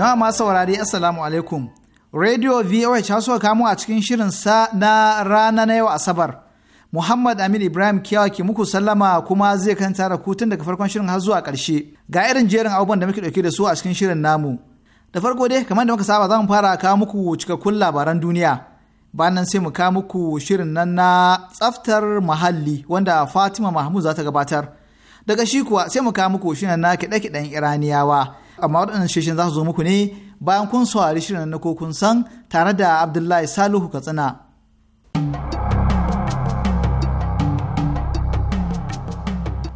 Jama'a masu saurari Assalamu alaikum. Radio VOH ya so kamo a cikin shirin sa na rana na yau Asabar. Muhammad Amin Ibrahim Kiyawa ke muku sallama kuma zai kan da kutun daga farkon shirin har zuwa ƙarshe. Ga irin jerin abubuwan da muke ɗauke da su a cikin shirin namu. Da farko dai kamar da muka saba za mu fara kawo muku cikakkun labaran duniya. Bayan nan sai mu kawo muku shirin nan na tsaftar muhalli wanda Fatima Mahmud za ta gabatar. Daga shi kuwa sai mu kawo muku shirin na kiɗe-kiɗen Iraniyawa. amma waɗannan shishin za su zo muku ne bayan kun saurari shirin na ko kun san tare da Abdullahi Salihu Katsina.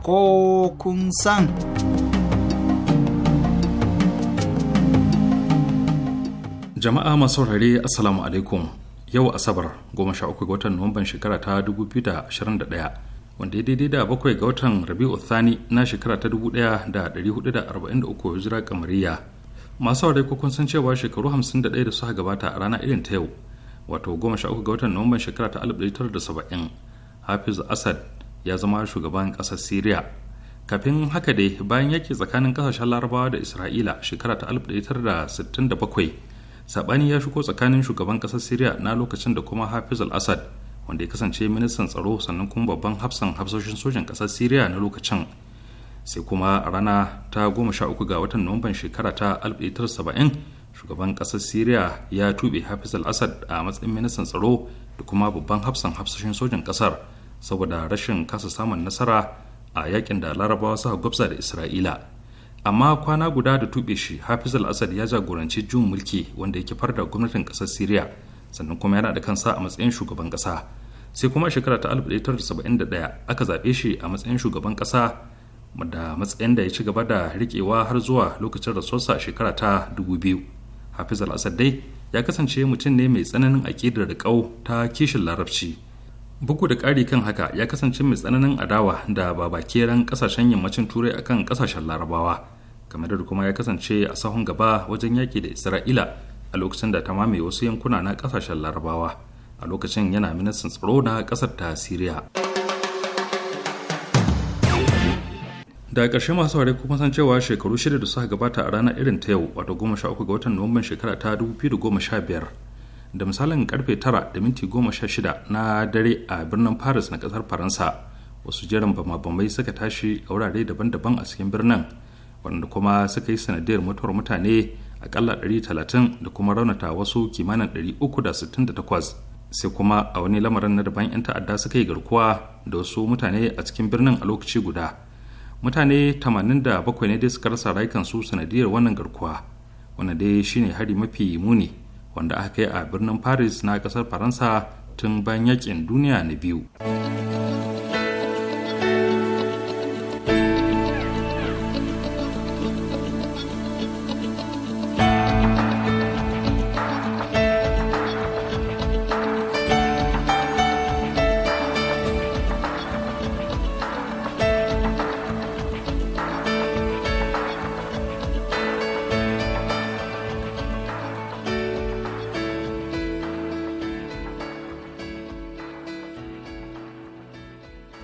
Ko kun san. Jama'a masu saurare Assalamu alaikum yau Asabar 13 ga watan Nuwamban shekara ta 2021 wanda ya daidai da bakwai ga watan rabi'u thani na shekara ta 1443 hijira kamariya masu aure kun san cewa shekaru 51 da suka gabata a rana irin ta yau wato 13 ga watan nuwamban shekara ta 1970 hafiz asad ya zama shugaban kasar syria kafin haka dai bayan yaki tsakanin kasashen larabawa da isra'ila shekara ta 1967 sabani ya shigo tsakanin shugaban ƙasar syria na lokacin da kuma hafiz al-assad wanda ya kasance ministan tsaro sannan kuma babban hafsan hafsoshin sojan kasar syria na lokacin sai kuma rana ta goma sha uku ga watan nuwamban shekara ta 1970 shugaban kasar syria ya tube hafiz al-assad a matsayin ministan tsaro da kuma babban hafsan hafsoshin sojan kasar saboda rashin kasa samun nasara a yakin da larabawa suka gwabza da isra'ila amma kwana guda da tube shi hafiz al-assad ya jagoranci jun mulki wanda ya kifar da gwamnatin kasar syria sannan kuma yana da kansa a matsayin shugaban kasa sai kuma shekara ta 1971 aka zaɓe shi a matsayin shugaban kasa da matsayin da ya ci gaba da riƙewa har zuwa lokacin rasuwarsa a shekara ta 2000 hafiz al-assad dai ya kasance mutum ne mai tsananin aƙidar ƙau ta kishin larabci bugu da ƙari kan haka ya kasance mai tsananin adawa da babakeren ƙasashen yammacin turai akan ƙasashen larabawa kamar da kuma ya kasance a sahun gaba wajen yaƙi da isra'ila a lokacin da ta mamaye wasu yankuna na kasashen larabawa a lokacin yana ministan tsaro na kasar ta siriya da ƙarshe masu ware kuma san cewa shekaru shida da suka gabata a ranar irin ta yau wato goma sha uku ga watan nuwamban shekara ta dubu biyu da goma sha biyar da misalin karfe tara da minti goma sha shida na dare a birnin paris na kasar faransa wasu jerin bama-bamai suka tashi a wurare daban-daban a cikin birnin wanda kuma suka yi sanadiyar mutuwar mutane akalla 130 da kuma raunata wasu kimanin 368 sai kuma a wani lamarin na daban 'yan ta'adda suka yi garkuwa da wasu mutane a cikin birnin a lokaci guda mutane 87 ne dai suka rasa rayukansu sanadiyar wannan garkuwa wanda dai shine hari mafi muni wanda aka kai a birnin paris na kasar faransa tun bayan yakin duniya na biyu.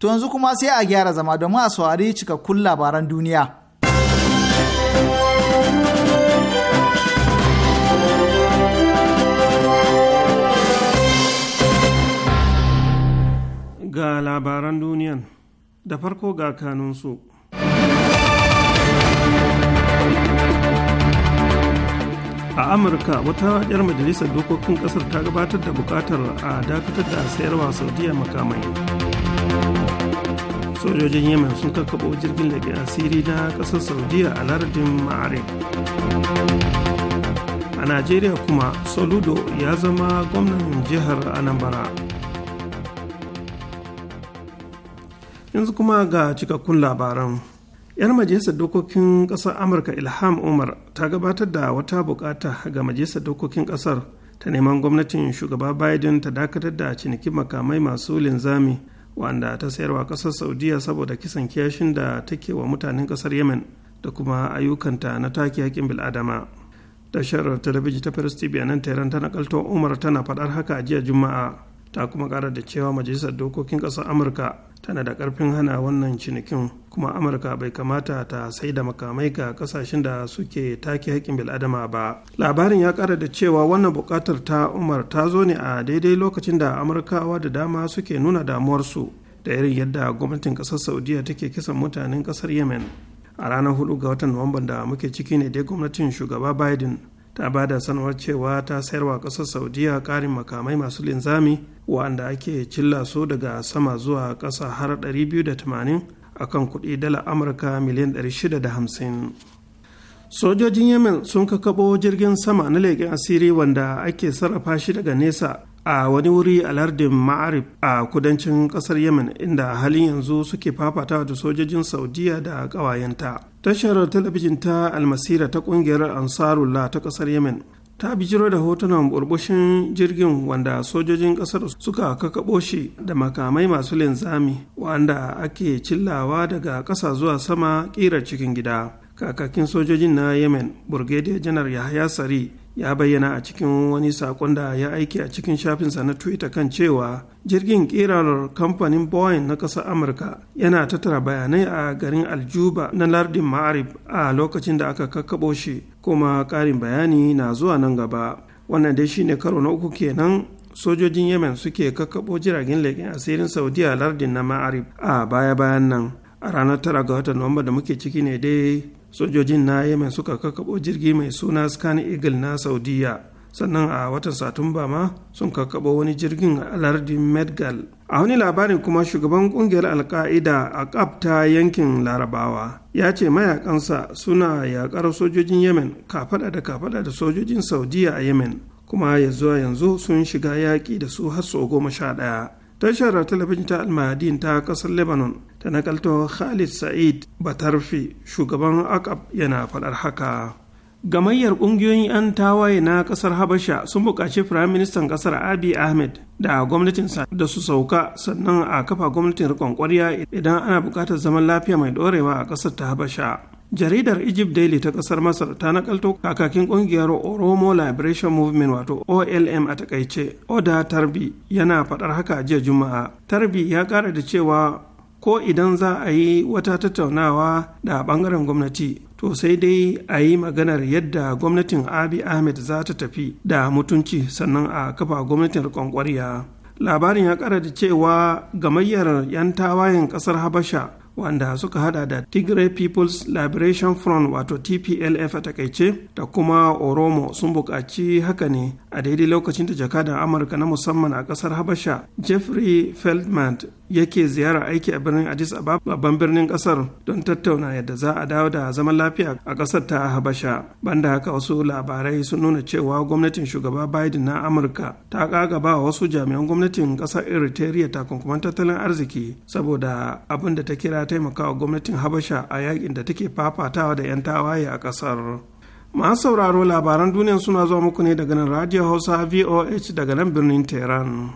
To yanzu kuma sai a gyara zama domin a saurari cikakkun labaran duniya. Ga labaran duniyan da farko ga kanunsu. a amurka wata yar majalisar dokokin kasar ta gabatar da bukatar a dakatar da sayarwa saudiya makamai sojojin yemen sun karkabo jirgin lafiya asiri na ƙasar saudiya a lardin ma'arin a najeriya kuma soludo ya zama gwamnan jihar anambra yanzu kuma ga cikakkun labaran 'yar majalisar dokokin ƙasar amurka ilham umar ta gabatar da wata bukata ga majalisar dokokin ƙasar ta neman gwamnatin shugaba biden ta dakatar da ciniki makamai masu linzami wanda ta sayarwa ƙasar saudiya saboda kisan kiyashin da take wa mutanen ƙasar yemen da kuma ayyukanta na take haƙƙin bil'adama tashar talabijin ta first tv nan tehran tana kalto umar tana faɗar haka a jiya juma'a ta kuma ƙara da cewa majalisar dokokin ƙasar amurka tana da karfin hana wannan cinikin kuma amurka bai kamata ta sai da makamai ga kasashen da suke take haƙƙin bil'adama ba labarin ya ƙara da cewa wannan buƙatar ta umar ta zo ne a daidai lokacin da amurkawa da dama suke nuna damuwarsu da irin yadda gwamnatin ƙasar saudiya take kisan mutanen ƙasar yemen a ranar hudu ga watan nuwamban da muke ciki ne dai gwamnatin shugaba biden ta ba da sanarwar cewa ta sayarwa ƙasar saudiya ƙarin makamai masu linzami wa'anda ake cilla su daga sama zuwa ƙasa har 280 a kan kuɗi dala amurka miliyan 650 sojojin yemen sun kakabo jirgin sama na leƙen asiri wanda ake sarrafa shi daga nesa a wani wuri a lardin maarif a kudancin kasar yemen inda halin yanzu suke fafata da sojojin saudiya da ƙawayenta tashar talabijin ta almasira ta ƙungiyar ansarullah ta kasar yemen ta bijiro da hotunan burbushin jirgin wanda sojojin kasar suka kakaɓo shi da makamai masu linzami wanda ake cillawa daga ƙasa zuwa sama ƙirar cikin gida kakakin sojojin na yemen burgediya janar yahya sari ya bayyana a cikin wani sakon da ya aiki a cikin shafinsa na twitter kan cewa jirgin kirar kamfanin boeing na ƙasar amurka yana tattara bayanai a garin aljuba na lardin ma'arib a lokacin da aka kakkaɓo shi kuma ƙarin bayani na zuwa nan gaba wannan dai shine karo na uku kenan sojojin yemen suke kakkaɓo jiragen leƙen asirin saudiya lardin na ma'arib a baya-bayan nan a ranar tara ga watan nuwamba da muke ciki ne dai sojojin na yemen suka kakabo jirgi mai suna scan eagle na saudiya sannan a watan satumba ma sun kakabo wani jirgin alardin medgal a wani labarin kuma shugaban kungiyar alka'ida a ƙabta yankin larabawa ya ce mayakansa suna yakar sojojin yemen kafada da kafada da sojojin saudiya a yemen kuma ya zuwa yanzu sun shiga yaƙi da su har sau goma sha ɗaya tashar talabijin ta almadin ta kasar lebanon ta nakalto khalid sa'id batarfi shugaban akab yana faɗar haka gamayyar ƙungiyoyin 'yan tawaye na ƙasar habasha sun buƙaci firaministan ƙasar abi ahmed da gwamnatinsa da su sauka sannan a kafa gwamnatin riƙon ƙwarya idan ana buƙatar zaman lafiya mai ɗorewa a ƙasar ta habasha jaridar egypt daily ta kasar masar ta nakalto kakakin kungiyar oromo liberation movement wato olm a takaice oda tarbi yana fadar haka jiya juma'a tarbi ya kara da cewa ko idan za a yi wata tattaunawa da bangaren gwamnati to sai dai a yi maganar yadda gwamnatin abi ahmed za ta tafi da mutunci sannan a kafa gwamnatin riƙon labarin ya kara da cewa gamayyar 'yan tawayen kasar habasha wanda suka hada da Tigray People's Liberation Front wato TPLF a takaice da kuma Oromo sun buƙaci haka ne a daidai lokacin da jakadan amurka na musamman a kasar habasha jeffrey feldman yake ziyarar aiki a birnin addis ababa babban birnin kasar don tattauna yadda za a dawo da zaman lafiya a kasar ta habasha banda haka wasu labarai sun nuna cewa gwamnatin shugaba biden na amurka ta kagaba wasu jami'an gwamnatin kasar eritrea takunkuman tattalin arziki saboda abin da ta kira taimakawa gwamnatin habasha a yakin da take fafatawa da 'yan tawaye a kasar masu sauraro labaran duniya suna zuwa muku ne daga nan radio hausa voh daga nan birnin tehran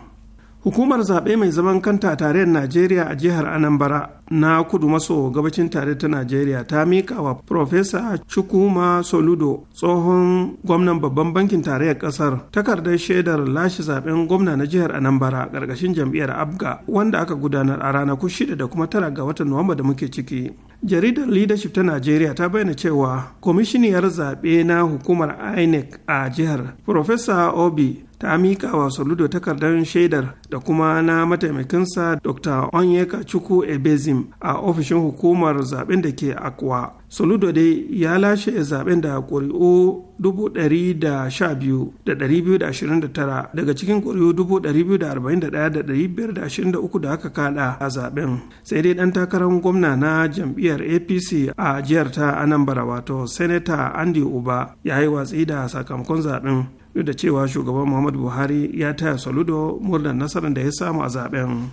hukumar zaɓe mai zaman kanta a tarayyar najeriya a jihar anambra na kudu maso gabacin tare ta najeriya ta mika wa profesa chukwuma soludo tsohon gwamnan babban bankin tarayyar ƙasar takardar shaidar lashe zaɓen gwamna na jihar anambra ƙarƙashin jam'iyyar abga wanda aka gudanar a ranakun shida da kuma tara ga watan nuwamba da muke ciki jaridar leadership ta najeriya ta bayyana cewa kwamishiniyar zaɓe na hukumar inec a jihar profesa obi ta miƙa wa soludo takardar shaidar da kuma na mataimakinsa dr onyeka chukwu ebezim a ofishin hukumar zaben da ke akwa soludo dai ya lashe zaben da ƙuri'u 212,229 daga cikin ƙuri'u 241,523 da aka kada a zaben sai dai ɗan takarar gwamna na jam'iyyar apc a jihar ta anambra wato senator andy uba ya yi watsi da sakamakon zaben duk da cewa shugaban muhammadu buhari ya taya saludo murnar nasarar da ya samu a zaben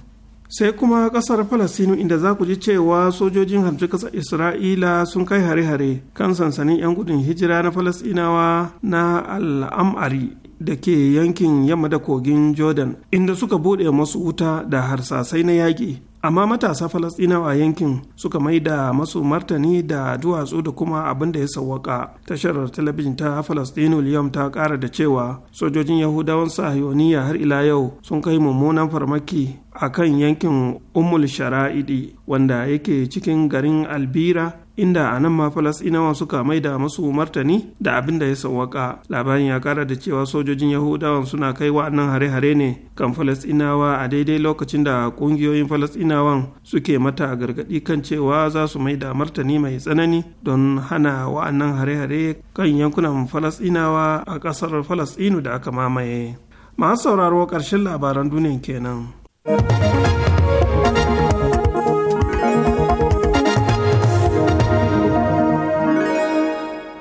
sai kuma kasar falastinu inda za ku ji cewa sojojin hamsin kasar isra'ila sun kai hare-hare kan sansanin 'yan gudun hijira na falastinawa na al'amari da ke yankin yamma da kogin jordan inda suka buɗe masu wuta da harsasai na yaƙi amma matasa falasɗinawa a yankin suka mai da masu martani da duwatsu da kuma abin da ya sawwaka tashar talabijin ta falasɗinu liyam ta ƙara da cewa sojojin yahudawan sahiyoniya har ila yau sun kai mummunan farmaki a kan yankin umul shara'idi wanda yake cikin garin albira inda a nan ma falasɗinawa suka maida masu martani da abin da ya sauwaka labarin ya kara da cewa sojojin yahudawan suna kai wa'annan hare-hare ne kan falasɗinawa a daidai lokacin da ƙungiyoyin falasɗinawan suke mata gargaɗi kan cewa za su maida martani mai tsanani don hana wa'annan hare-hare kan yankunan falasɗinawa a ƙasar falasɗinu da aka mamaye masu sauraro ƙarshen labaran duniya kenan.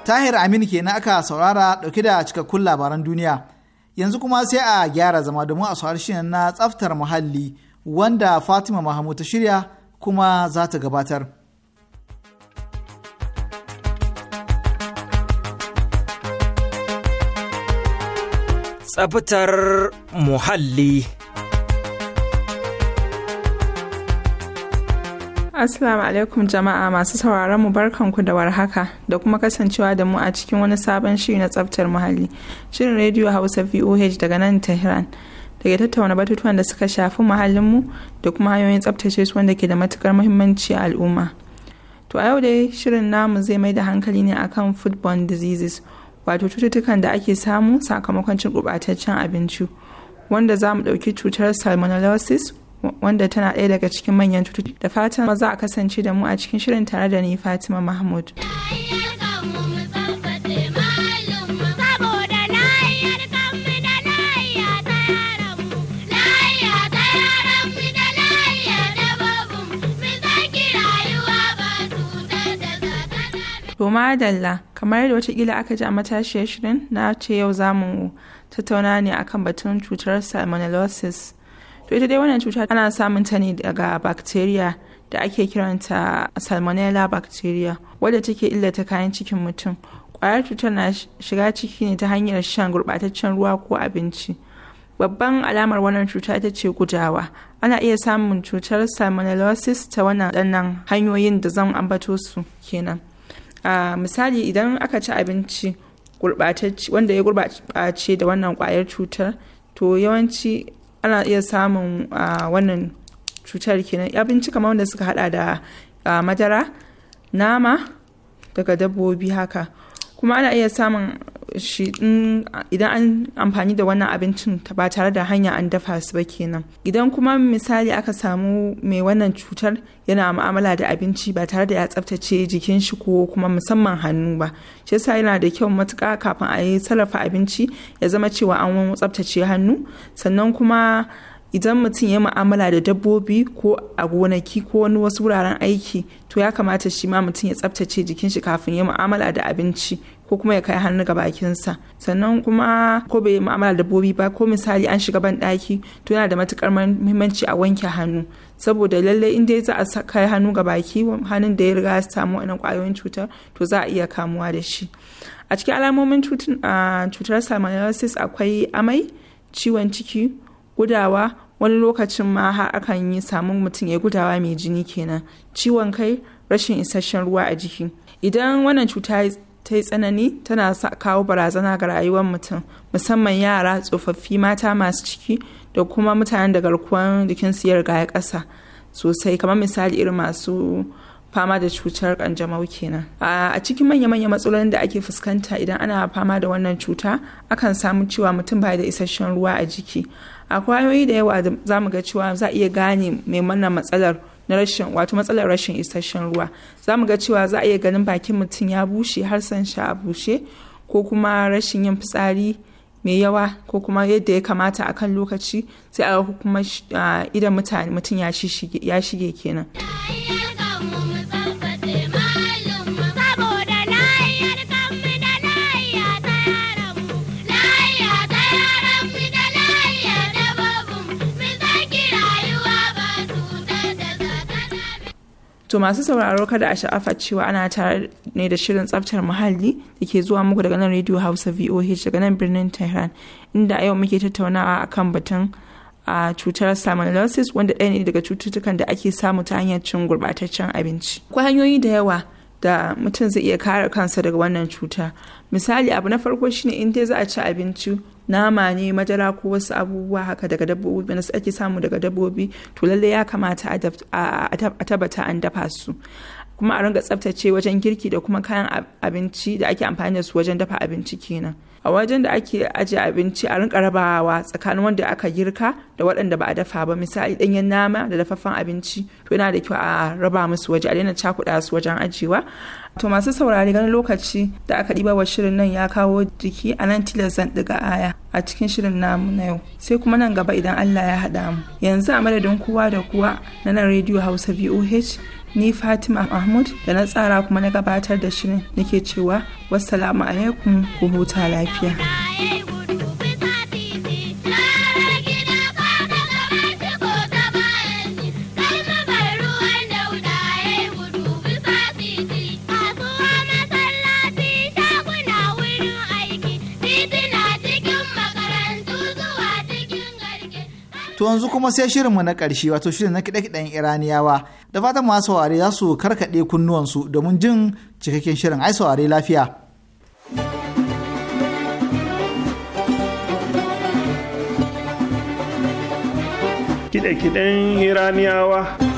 tahir amin kenan aka saurara dauke da cikakkun labaran duniya yanzu kuma sai a gyara zama domin a saurari shirin na tsaftar muhalli wanda fatima mahamud ta shirya kuma za ta gabatar. Tsaftar muhalli. Assalamu alaikum jama'a masu sauraron mu barkanku da warhaka da kuma kasancewa da mu a cikin wani sabon shiri na tsaftar muhalli. Shirin Radio Hausa VOH daga nan Tehran. Da ke tattauna batutuwan da suka shafi muhallinmu da kuma hanyoyin tsaftace su wanda ke da matukar muhimmanci a al'umma. To a yau dai shirin namu zai mai da hankali ne akan foodborne diseases wato cututtukan da ake samu sakamakon cin gurɓataccen abinci wanda za mu ɗauki cutar salmonellosis wanda tana ɗaya daga cikin manyan cututtuka da fatan za a kasance da mu a cikin shirin tare da ni fatima mahmud To madalla kamar yadda watakila aka ji a matashiyar shirin na ce yau zamu tattauna ne akan batun cutar salmonellosis to ita dai wannan cuta ana samun ta ne daga bacteria da ake kiranta salmonella bacteria wadda take illata kayan cikin mutum kwayar cutar na shiga ciki ne ta hanyar shan gurɓataccen ruwa ko abinci babban alamar wannan cuta ita ce gudawa ana iya samun cutar salmonellosis ta wannan ɗannan hanyoyin da zan ambato su kenan a misali idan aka ci abinci wanda ya gurɓace da wannan kwayar cutar to yawanci ana iya samun wannan cutar kenan abinci kamar wanda suka hada da madara nama daga dabbobi haka kuma ana iya samun shi idan an amfani da wannan abincin ba tare da hanya an dafa su ba kenan idan kuma misali aka samu mai wannan cutar yana mu'amala da abinci ba tare da ya tsaftace jikin shi ko kuma musamman hannu ba shi yasa yana da kyau matuka kafin a yi sarrafa abinci ya zama cewa an tsaftace hannu sannan kuma idan mutum ya mu'amala da dabbobi ko a gonaki ko wani wasu wuraren aiki to ya kamata shi ma mutum ya tsaftace jikin shi kafin ya mu'amala da abinci ko kuma ya kai hannu ga bakinsa sannan kuma ko bai mu'amala dabbobi ba ko misali an shiga ban daki to yana da matukar muhimmanci a wanke hannu saboda lalle in dai za a kai hannu ga baki hannun da ya riga ya samu wannan kwayoyin cutar to za a iya kamuwa da shi a cikin alamomin cutar salmonellosis akwai amai ciwon ciki gudawa wani lokacin ma har akan yi samun mutum ya gudawa mai jini kenan ciwon kai rashin isasshen ruwa a jiki idan wannan cuta ta yi tsanani tana kawo barazana ga rayuwar mutum musamman yara tsofaffi mata masu ciki da kuma mutanen da garkuwar su ya riga ya ƙasa sosai kamar misali irin masu fama da cutar kanjamau kenan a cikin manya-manya matsalolin da ake fuskanta idan ana fama da wannan cuta akan samu cewa mutum bai da isasshen ruwa a jiki akwai kwayoyi da yawa za mu ga cewa za a iya gane mai wannan matsalar na rashin wato matsalar rashin isasshen ruwa za mu ga cewa za a iya ganin bakin mutum ya bushe har san sha a bushe ko kuma rashin yin fitsari mai yawa ko kuma yadda ya kamata a kan lokaci sai a kuma idan mutum ya shige kenan. To masu sauraro kada a sha'afa cewa ana tare ne da shirin tsaftar muhalli da ke zuwa muku daga nan Radio Hausa VOH daga nan birnin Tehran inda a yau muke tattaunawa akan batun a cutar salmonellosis wanda ɗaya ne daga cututtukan da ake samu ta hanyar cin gurbataccen abinci. Akwai hanyoyi da yawa da mutum zai iya kare kansa daga wannan cuta. Misali abu na farko shine in dai za a ci abinci nama ne madara ko wasu abubuwa haka daga dabbobi wanda ake samu daga dabbobi to lalle ya kamata a tabbata an dafa su kuma a ringa tsaftace wajen girki da kuma kayan abinci da ake amfani da su wajen dafa abinci kenan a wajen da ake ajiye abinci a rinka rabawa tsakanin wanda aka girka da waɗanda ba a dafa ba misali ɗanyen nama da dafaffen abinci to yana da kyau a raba musu waje a daina cakuɗa su wajen ajiyewa to masu saurari ganin lokaci da aka ɗiba wa shirin nan ya kawo jiki a nan tilas zan ɗiga aya a cikin shirin namu na yau sai kuma nan gaba idan allah ya haɗa mu yanzu a madadin kowa da kowa na nan rediyo hausa voh ni fatima mahmud da na tsara kuma na gabatar da shirin nake cewa wassalamu alaikum ku huta lafiya. To yanzu kuma sai shirinmu na ƙarshe wato shirin na kiɗe-kiɗen Iraniyawa da fatan masu saurari za su karkaɗe kunnuwansu domin jin cikakken shirin ai saurari lafiya. Kiɗe-kiɗen Iraniyawa.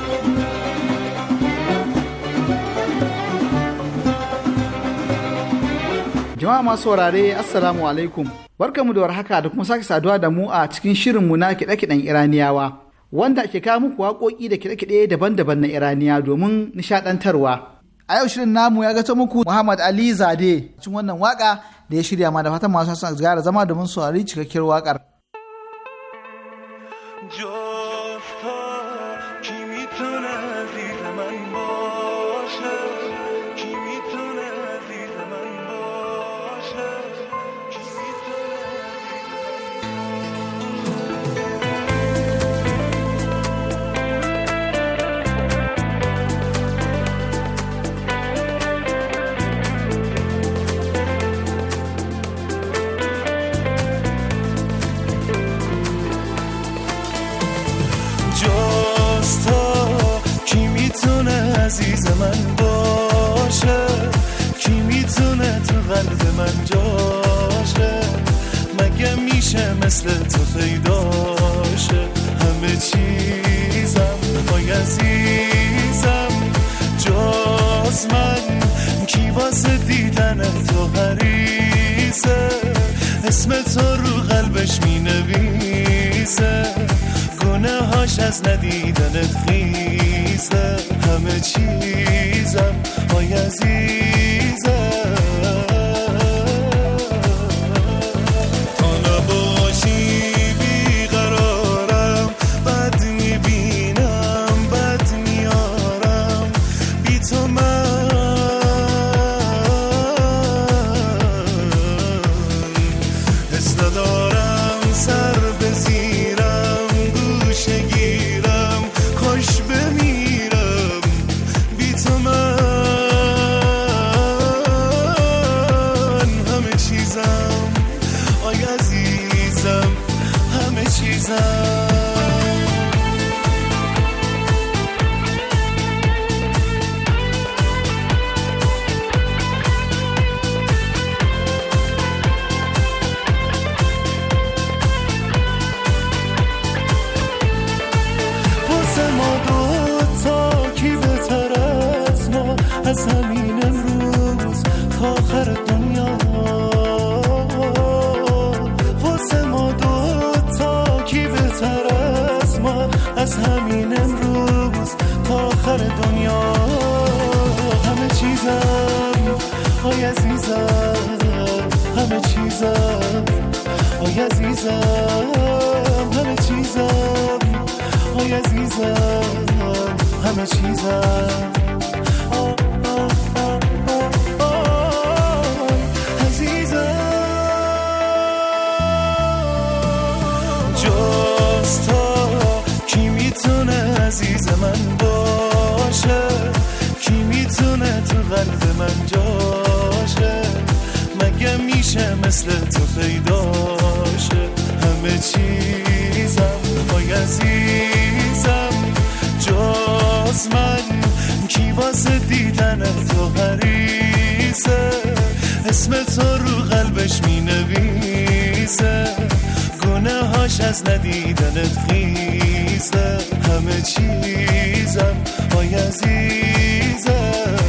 Jama'a masu saurare Assalamu alaikum. Barkanmu da warhaka da kuma sake saduwa da mu a cikin shirinmu na kiɗe-kiɗen Iraniyawa. Wanda ke kawo muku waƙoƙi da kiɗe-kiɗe daban-daban na Iraniya domin nishaɗantarwa. A yau shirin namu ya gato muku Muhammad Ali Zade cikin wannan waka da ya shirya ma da fatan masu son gara zama domin saurari cikakkiyar wakar. مثل تو شه همه چیزم های عزیزم جاز من کی واسه دیدن تو غریزه اسم تو رو قلبش می نویسه گناه هاش از ندیدنت خیزه همه چیزم های عزیزم چیزم همه چیزم جز تو کی میتونه عزیز من باشه کی میتونه تو قلب من جاشه مگه میشه مثل تو پیداشه همه چیزم بای عزیز از من کی واسه دیدن تو حریزه اسم تو رو قلبش می نویسه هاش از ندیدنت خیزه همه چیزم های عزیزم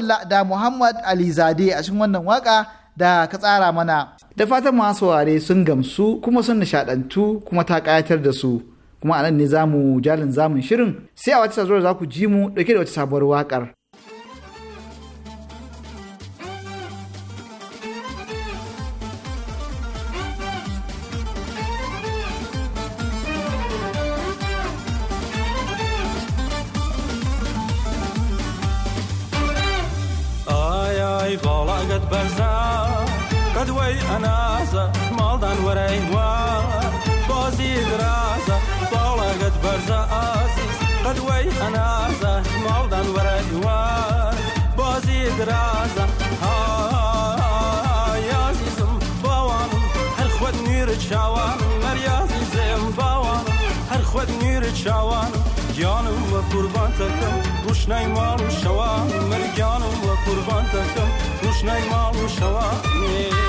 madalla da Muhammad Ali Zade a cikin wannan waka da ka tsara mana. Da fatan masu ware sun gamsu kuma sun nishadantu kuma ta kayatar da su. Kuma anan nan ne zamu jalin zamun shirin sai a wata sazuwar za ku ji mu dauke da wata sabuwar waƙar? بەرزا قدوەی ئەنازە ماڵدان وەرەی وا بازی درازە باڵەگەت بەرزە ئازی قدوەی ئەنازە ماڵدان وەرەی وا بازی درازە هایازیزم باوانم هەر خود نیرە چاوانم مەریازی زێم باوانم هەر خود نیرە چاوانم گیانم وە قوربان دەکەم ڕوشنای ماڵ و شەوان مەرگیانم وە قوربان دەکەم نایم آو شوا می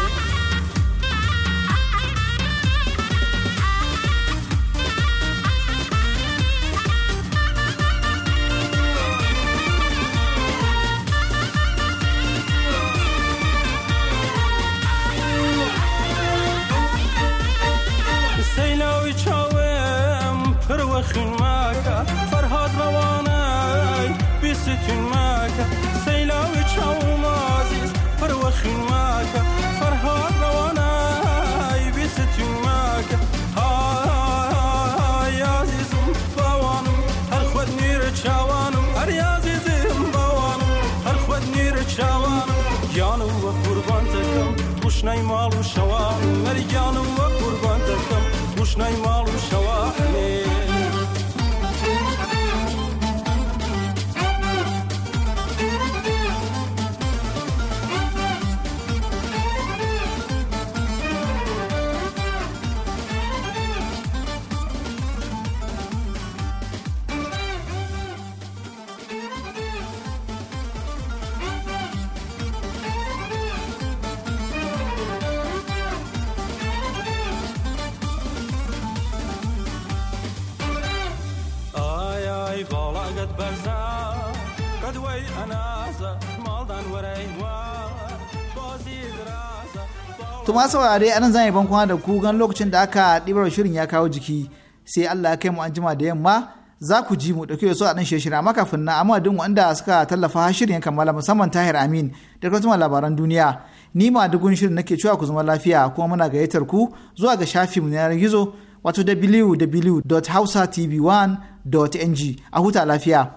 to ma saurare anan zan yi bankuna da ku gan lokacin da aka ɗibar shirin ya kawo jiki sai Allah ya kai mu an jima da yamma za ku ji mu dauke da su a nan shirin amma kafin na amma duk wanda suka tallafa shirin kammala musamman Tahir Amin da kuma labaran duniya ni ma dugun shirin nake cewa ku zama lafiya kuma muna gayyatar ku zuwa ga shafi mu na gizo wato www.hausatv1.ng a huta lafiya.